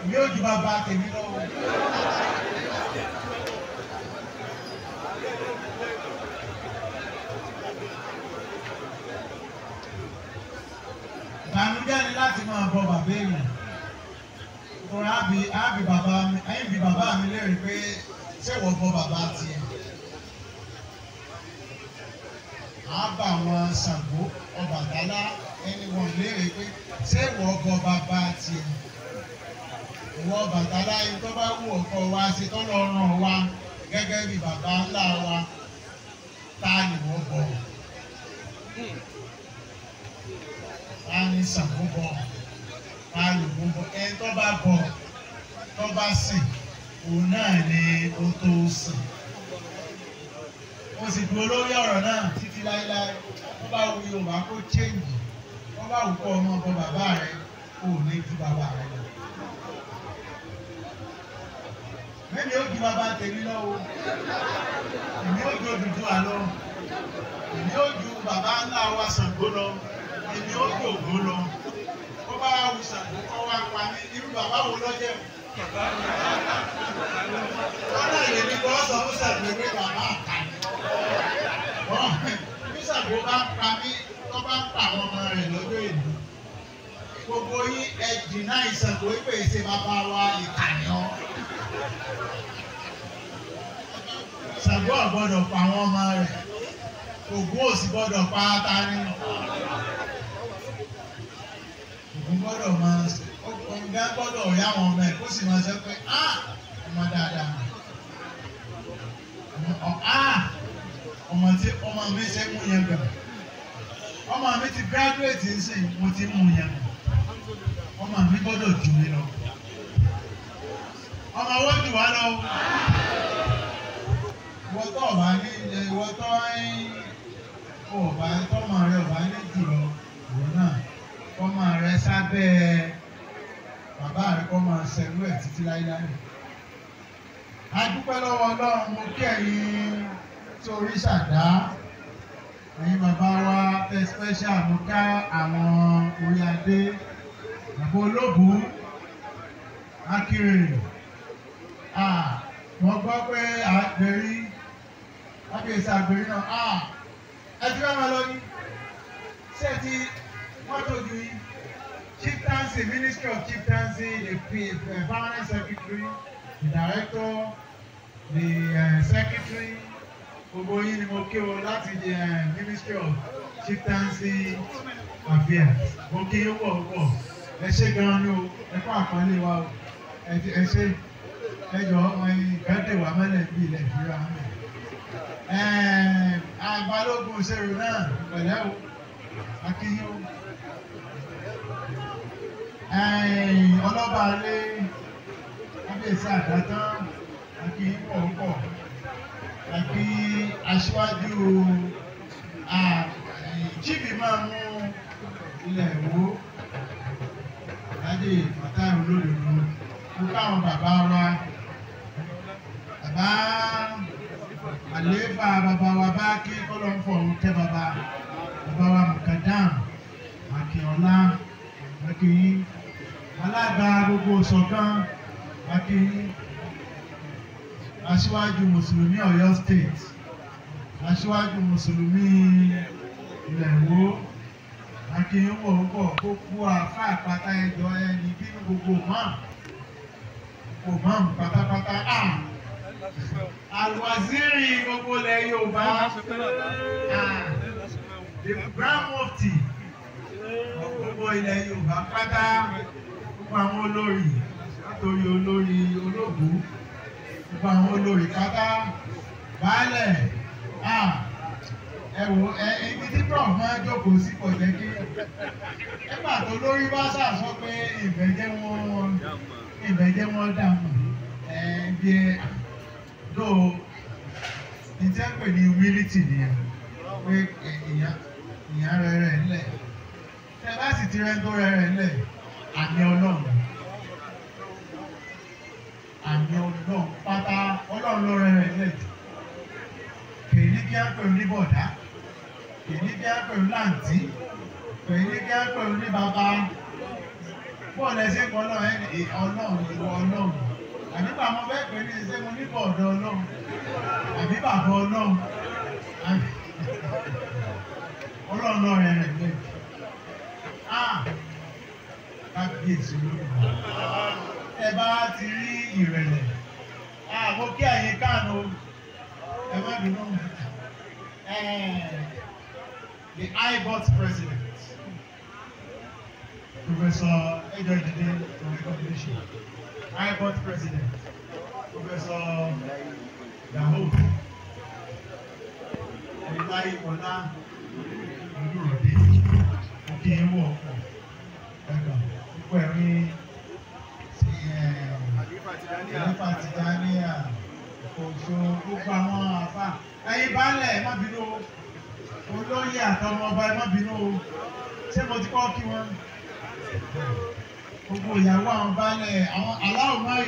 èmi ò ju bàbá tèmi lọ. ìbànújẹ́ ni láti máa bọ bàbá èèyàn kóra àbí àbí bàbá mi ẹ̀yìn bí bàbá mi léèrè pé ṣé wọ́n bọ bàbá tiẹ̀. àbá àwọn Ṣàngó Ọbàtálá ẹni wọ́n léèrè pé ṣé wọ́n bọ bàbá tiẹ̀ ìwọ bàtálá yìí tó bá wù ọkọ wa ṣe tọ́lọ ràn wa gẹ́gẹ́ bí bàbá ńlá wa ta ni wọ́n bọ̀ ta ni Ṣàngó bọ̀ ta ni wọ́n bọ̀ ẹni tó bá bọ̀ tó bá sìn òun náà ni ó tó sìn mo sì dúró lórí ọ̀rọ̀ náà títí láéláé wọ́n bá wù Yorùbá kó chéǹjì wọ́n bá wù kọ́ ọmọ bọ bàbá rẹ̀ kó o ní ju bàbá rẹ̀ lọ. mímí ó ju bàbá tèmi lọ́wọ́ èmi ó ju Odùduwà lọ èmi ó ju bàbá ńlá wa Ṣàngó lọ èmi ó ju Ògo lọ ó bá wá wù Ṣàngó kọ́ wá pa mí irú bàbá wo lọ́jẹ́ wọ́n náà lè ní kọ́ sọ fún Ṣàngó pé bàbá àtàlẹ́ bí Ṣàngó bá pa mí tó bá pa àwọn ọmọ rẹ̀ lọ́jọ́ èdè gbogbo yín ẹ dìnnà ìṣàkóso ìpèsè bàbá wa ìkànnì ọ́. Ṣàngó àgbọ́dọ̀ pa àwọn ọmọ rẹ̀ Ògún òsì gbọ́dọ̀ pa ata nínú. Ògún gbọ́dọ̀ máa ọ̀gá gbọ́dọ̀ rí àwọn ọmọ ẹ̀ kó sì máa sọ pé á ọmọ dáadáa á ọmọ tí ọmọ mi ṣe mú yẹn gbà ọmọ mi ti graduate ń sìn mo ti mú yẹn ọmọ mi gbọ́dọ̀ jù mí lọ ọmọ owó jù wá lọ. wọ́n tọ́ ọ̀bá ní ilẹ̀ wọ́n tọ́ ọ̀bá tọ́mọ rẹ ọ̀bá ní jùlọ òun náà tọ́mọ rẹ sábẹ́ bàbá rẹ kọ́ máa ṣẹlú ẹ̀ títí láíláí. a dúpẹ́ lọ́wọ́ ọlọ́run mo kí ẹ̀yin torí ṣàdá ẹ̀yin bàbá wa tẹ special mo ká àwọn orí adé bàbá olóògùn akérè gbọ́ pé àgbèrí ábíyèsí àgbèrí náà a ẹ ti fẹ́ máa lọ ní ṣé ti mọ́tò ju yín chieftaincy ministry of chieftaincy the eh, permanent secretary the director the uh, secretary gbogbo yín ni mo kí o láti di eh, ministry of chieftaincy affairs mo kí yín wọ̀ wọ̀ ẹ ṣé gan-an ni o ẹ kó àpọ́nlé wa ẹ ṣé ẹjọ́ ọmọ ìkẹ́tẹ̀wá mọ́lẹ̀ bíi ilẹ̀ ìfira mọ́ àgbàlógún ṣèrò náà pẹ̀lẹ́ o akínyó ọlọ́ba alé kábíyèsí àdátán akínyó pọ̀ àti aṣíwájú chíbi máa mú ilẹ̀ ìwó láti pàtàkì olódodo mo káwọn bàbá wa. àlééfà bàbá wa bá kí kọ́lọ́ǹfọ̀ ń tẹ́ bàbá bàbá wa mùkàdám àkìọ́lá àkìyí alága gbogbo ṣọ̀kan àkìyí aṣíwájú mùsùlùmí Ọ̀yọ́ state aṣíwájú mùsùlùmí ilẹ̀ wo akínyìnbó ń bọ̀ kó kú àfa àpáta ẹjọ́ ẹni bínú gbogbo mọ́ kò mọ́ pátápátá áà. Ah! Alwaziri gbogbo ilẹ̀ Yorùbá. Ah. The Grand Mufti gbogbo ilẹ̀ Yorùbá pátá gbogbo àwọn olórí látòrí olórí olóògùn gbogbo àwọn olórí pátá baálẹ̀ ah. ẹ wò ẹ ibi tí prof máa ń jókòó sí kò jẹ́ kí nígbà tó lórí bá ṣàṣọ pé ìbẹ̀jẹ̀ wọn ìbẹ̀jẹ̀ wọn dààmú ẹ bí ẹ no ìjẹ́ pè ní humility nìyẹn pé èèyàn èèyàn rẹ rẹ ńlẹ̀ tẹ bá sì ti rẹ tó rẹ rẹ ńlẹ̀ àmì ọlọ́run àmì ọlọ́run pátá ọlọ́run ló rẹ rẹ ńlẹ̀ jù kèé ní kí á pè ní bọ̀dá kèé ní kí á pè ní láǹtí kèé ní kí á pè ní bàbá bọ́ọ̀lù ẹsẹ̀ kan náà ọlọ́run ìwọ ọlọ́run àbígbà mo fẹ́ pè ní ṣé mo níbọ̀ ọ̀dọ̀ ọlọ́run àbí bàbá ọlọ́run ọlọ́run náà rẹ̀ rẹ̀ lẹ́yìn kábíyèsí olóògbé ẹ bá ti rí ìrẹ̀lẹ̀ àmọ́ kí ẹ̀yin káàánú ẹ má bínú the IBOT president Professor Ejo Jide for the competition vice president, Professor Yahoo, Ẹ̀láyé Ọlá Olúrọ̀dé, Òkè Ewu Ọ̀pọ̀, Ẹ̀gbà, Púpọ̀ Ẹ̀rí, ti Ẹ̀lífà Tìdáníà, Òṣò, gbogbo àwọn àfà. Ẹ̀yin baálẹ̀ ẹ má bínú o, olóyè àtọmọ ọba ẹ má bínú o, ṣé mo ti kọ́ kí wọ́n? gbogbo ìyàwó àwọn baálẹ̀ àwọn aláwọ̀ máa